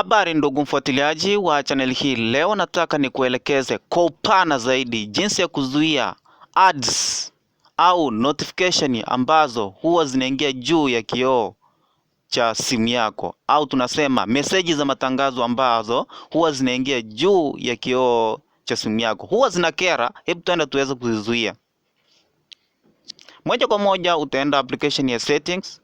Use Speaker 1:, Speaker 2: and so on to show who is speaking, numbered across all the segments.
Speaker 1: Habari ndugu mfuatiliaji wa channel hii, leo nataka nikuelekeze kwa upana zaidi jinsi ya kuzuia ads au notification ambazo huwa zinaingia juu ya kioo cha simu yako, au tunasema meseji za matangazo ambazo huwa zinaingia juu ya kioo cha simu yako, huwa zinakera. Hebu tuenda tuweze kuzizuia moja kwa moja. Utaenda application ya settings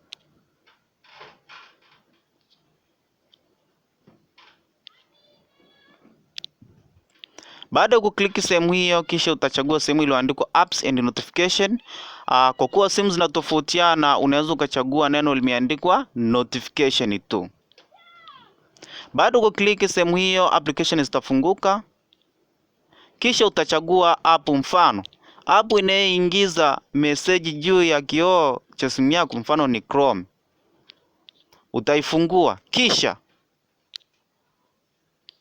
Speaker 1: Baada ya kukliki sehemu hiyo, kisha utachagua sehemu iliyoandikwa apps and notification. Uh, kwa kuwa simu zinatofautiana, unaweza ukachagua neno limeandikwa notification tu. Baada ya kukliki sehemu hiyo, application zitafunguka, kisha utachagua app. Mfano app inayoingiza meseji juu ya kioo cha simu yako, mfano ni Chrome. Utaifungua kisha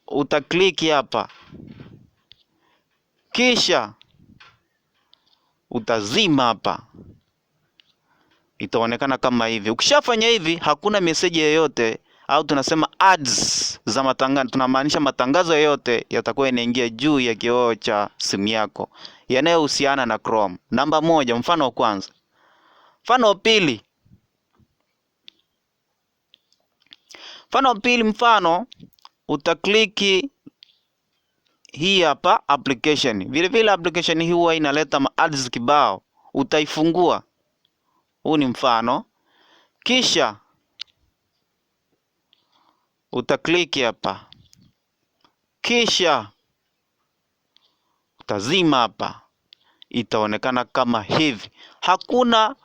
Speaker 1: utakliki hapa kisha utazima hapa, itaonekana kama hivi. Ukishafanya hivi, hakuna meseji yoyote au tunasema ads za matangazo, tunamaanisha matangazo yoyote yatakuwa yanaingia juu ya kioo cha simu yako yanayohusiana na Chrome. Namba moja, mfano wa kwanza. Mfano wa pili, mfano wa pili, mfano utakliki hii hapa application. Vile vile application hii huwa inaleta ads kibao, utaifungua. Huu ni mfano, kisha utakliki hapa, kisha utazima hapa, itaonekana kama hivi. Hakuna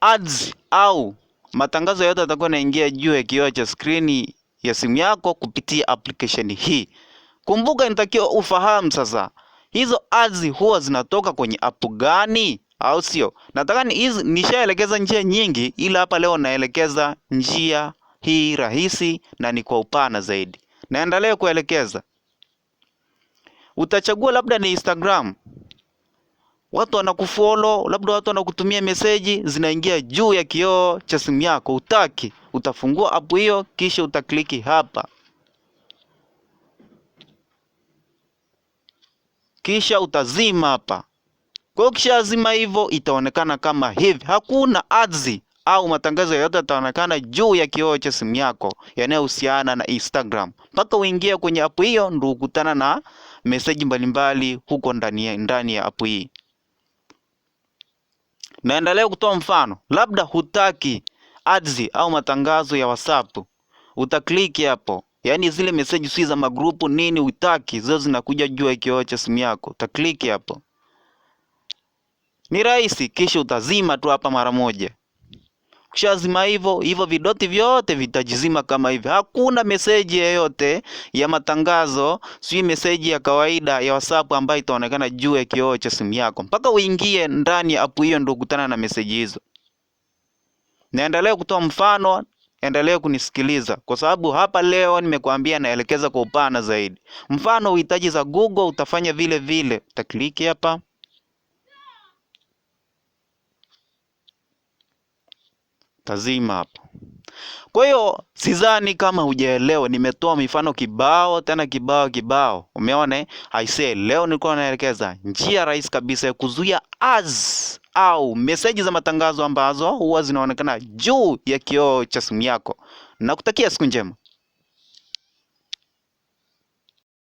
Speaker 1: ads au matangazo yote yatakuwa yanaingia juu ya kioo cha skrini ya simu yako kupitia application hii. Kumbuka, inatakiwa ufahamu sasa hizo ads huwa zinatoka kwenye app gani, au sio? Nataka ni hizi, nishaelekeza njia nyingi, ila hapa leo naelekeza njia hii rahisi na ni kwa upana zaidi. Naendelea kuelekeza, utachagua labda ni Instagram, watu wanakufollow, labda watu wanakutumia meseji, zinaingia juu ya kioo cha simu yako, utaki, utafungua app hiyo, kisha utakliki hapa. kisha utazima hapa. Kwa hiyo azima hivyo itaonekana kama hivi, hakuna ads au matangazo yoyote yataonekana juu ya kioo cha simu yako yanayohusiana na Instagram mpaka uingie kwenye app hiyo, ndio ukutana na meseji mbalimbali huko ndani ndani ya app hii. Naendelea kutoa mfano, labda hutaki ads au matangazo ya WhatsApp, utakliki hapo Yaani zile message si za magrupu nini utaki, zao zinakuja jua kioo cha simu yako. Utakliki hapo, ni rahisi, kisha utazima tu hapa mara moja. Ukishazima hivyo hivyo, vidoti vyote vitajizima kama hivi. Hakuna meseji yeyote ya matangazo, sijui meseji ya kawaida ya WhatsApp ambayo itaonekana juu ya kioo cha simu yako, mpaka uingie ndani ya app hiyo ndio ukutana na meseji hizo. Naendelea kutoa mfano endelee kunisikiliza kwa sababu hapa leo nimekuambia naelekeza kwa upana zaidi. Mfano uhitaji za Google utafanya vile vile, utakliki hapa tazima hapo. Kwa hiyo sidhani kama hujaelewa, nimetoa mifano kibao tena kibao kibao, umeona. Eh? Aisee, leo nilikuwa naelekeza njia rahisi kabisa ya kuzuia ads au meseji za matangazo ambazo huwa zinaonekana juu ya kioo cha simu yako. Nakutakia siku njema.